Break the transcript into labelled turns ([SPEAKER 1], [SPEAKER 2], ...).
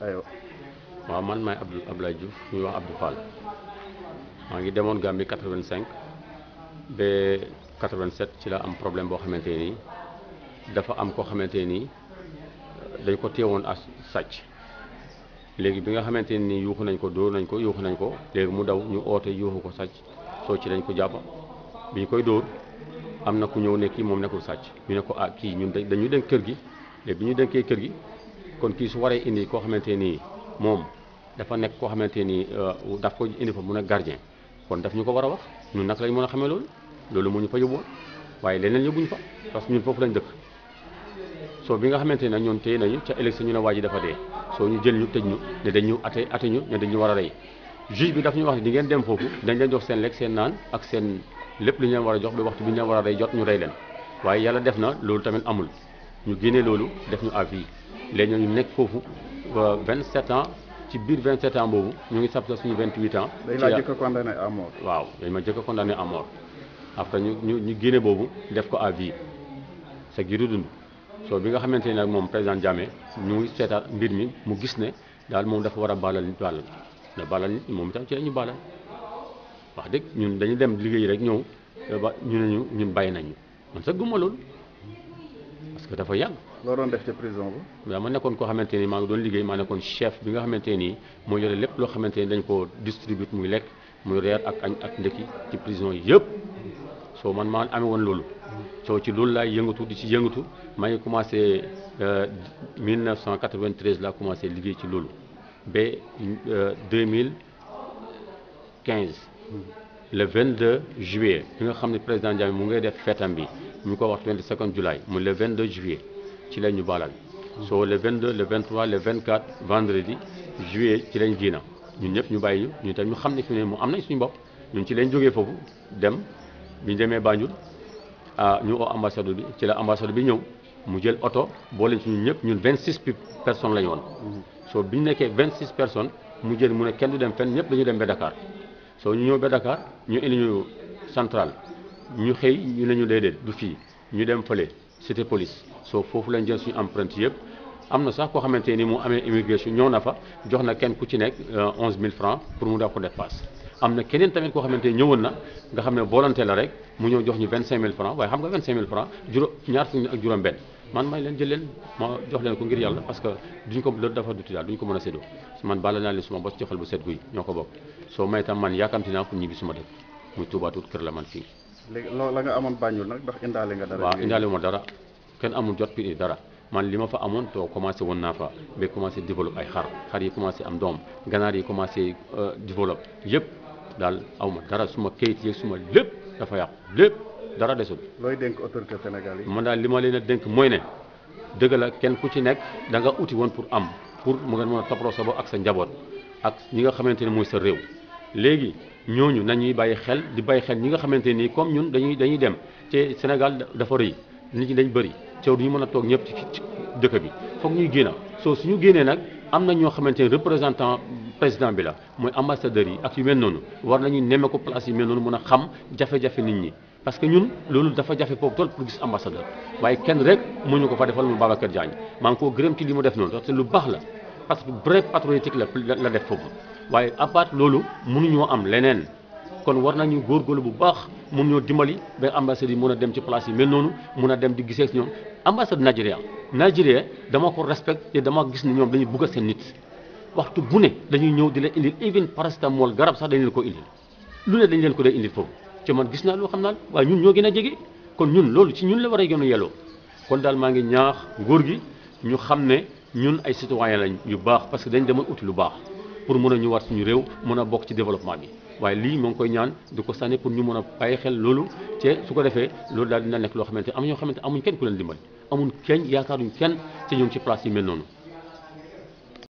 [SPEAKER 1] waaw man maay Abdou Abdoulaye Diouf ñuy wax Abdou Fall maa ngi demoon Gambie 85 ba 87 ci la am problème boo xamante nii dafa am koo xamante nii euh, dañ ko téewoon ak sàcc léegi bi nga xamante nii yuuxu nañ ko dóor nañ ko yuuxu nañ ko léegi mu daw ñu oote yuuxu ko sàcc soo ci lañ ko jàpp bi ñu koy dóor am na ku ñëw ne moom nekkul sàcc ñu ne ko ah kii ñun dañu dénk kër gi léegi bi ñu dénkee kër gi kon kii su waree indi koo xamante nii moom dafa nekk koo xamante nii euh, daf ko indi fa mun a gardien kon daf ñu ko war a wax ñun nag lañ mën a xamee loolu loolu mu ñu fa yóbbuwoon waaye leneen buñ fa parce que ñun foofu lañ dëkk soo bi nga xamante ne nag ñoon téye nañu ca élection ñu ne waa ji dafa dee soo ñu jël ñu tëj ñu ne dañ ñu ate ate ñu ne dañ war a rey juge bi daf ñu wax ne di ngeen dem foofu dañ leen jox seen lekk seen naan ak seen lépp lu ñu leen war a jox ba waxtu bi ñu leen war a rey jot ñu rey leen waaye yàlla def na loolu tamit amul ñu génnee loolu def ñu avis léegi ñoom ñu nekk foofu 27 ans ci biir 27 ans boobu ñu ngi sab sa suñu 28 ans. dañ laa jëkk a condamné à mort. waaw dañ ma jëkk a condamné à mort après ñu ñu ñu génne boobu def ko à vie sa giiru dund soo bi nga xamante ne nag moom président Diamé ñu ngi seetaat mbir mi mu gis ne daal moom dafa war a baalal nit baalal na baalal nit moom tam ci la ñu baalal wax dëgg ñun dañu dem liggéey rek ñëw ba ñu ne ñu ñun bàyyi nañu man sax gëmma parce que dafa yàgg. loo doon def ca prison ma nekkoon koo xamante ni maa ngi doon liggéey maa nekkoon chef bi nga xamante ni moo yore lépp loo xamante ni dañ koo distribuer muy lekk muy reer ak añ ak ndekki ci prison yëpp soo man maa amee loolu. soo ci loolu laay yëngatu di ci yëngatu maa ngi commencé 1993 euh, laa commencé liggéey ci loolu ba 2015. Euh, le 22 juillet bi nga xam ne président Diame mu ngay def feetam bi ñu ko wax 22 July mu le 22 juillet ci la ñu baalal soo le 22 le 23 le 24 vendredi juillet ci lañ diina ñun ñëpp ñu bàyyi ñu ñu ñu xam ne fi ne mu am nañ suñu bopp ñun ci lañ jógee foofu dem bi demee Banjul ah ñu oo ambassade bi ci la ambassade bi ñëw mu jël oto boole ci ñun ñëpp ñun 26 personnes la ñu woon. soo bi ñu nekkee 26 personnes mu jël mu ne kenn du dem fenn ñëpp dañu dem ba Dakar soo ñu ñëw ba Dakar ñu indi ñu centrale. ñu xëy ñu ne ñu dee du fii ñu dem fële cité police soo foofu lañ jël suñu empreinte yëpp am na sax koo xamante ni mu amee immigration ñëw na fa jox na kenn ku ci nekk 11000 euh, francs pour mu daal ko def paas am na keneen tamit koo xamante ni ñëwoon na nga xam ne volonté la rek mu ñëw jox ñu 25000 francs waaye xam nga 25000 francs juróom ñaar fukk ak juróom-benn man may leen jël leen ma jox leen ko ngir yàlla parce que duñ ko loolu dafa duti daal a séddoo man bala naa leen suma bos joxal bu set guy ñoo ko bokk soo may tam man man fii léegi la nga amoon Banjul nag ndax indaale nga dara. waaw indaale ma dara kenn amul jot bi dara man li ma fa amoon too commencé woon naa fa ba commencé développe ay xar xar yi commencé am doom ganaar yi commencé euh, développe yëpp daal aw ma su ma kayit yeeg suma lépp dafa yàqu lépp dara desul. looy dénk autorité Sénégal yi. man daal li ma leen a dénk mooy ne dëgg kenn ku ci nekk da nga uti woon pour am pour mu ngeen mën a toppatoo sa bopp ak sa njaboot ak ñi nga xamante ne mooy sa réew léegi. ñooñu nañuy bàyyi xel di bàyyi xel ñi nga xamante nii comme ñun dañuy dañuy dem te Sénégal dafa rëy nit ñi dañ bëri teew du ñu mën a toog ñëpp ci dëkk bi foog ñuy génna soo suñu génnee nag am na ñoo xamante ni représentant président bi la mooy ambassadeurs yi ak yu mel noonu war nañu nemme ko place yu mel noonu mën a xam jafe-jafe nit ñi parce que ñun loolu dafa jafe foofu tool pour gis ambassadeur waaye kenn rek mu ñu ko fa defal mu Babacar Diagne maa ngi koo gërëm ci li mu def noonu parce lu baax la parce que brève patriotique la la def foofu waaye à loolu mënuñoo am leneen kon war nañu góorgóorlu bu baax mun ñoo dimbali ba ambassades yi mun a dem ci place yi mel noonu mun a dem di gisee si ñoom ambassade Nigeria Nigeria dama ko respecte te dama gis ne ñoom dañuy bëgg seen nit waxtu bu ne dañuy ñëw di la indil even paracétamol garab sax dañ leen ko indil lu ne dañ leen ko dee indil foofu ci man gis naa loo xam naa waaye ñun ñoo gën a je kon ñun loolu ci ñun la war gën a yelloo kon daal maa gi ñu xam ne ñun ay citoyen lañ yu baax parce que dañ demoon uti lu baax pour mën a ñëwaat suñu réew mën a bokk ci développement bi waaye lii moo ngi koy ñaan di ko sànni pour ñu mën a bàyyi xel loolu te su ko defee loolu daal dina nekk loo xamante am ñoo xamante amuñ kenn ku leen dimbali amuñ kenn yaakaaruñ kenn te ñoom ci place yi mel noonu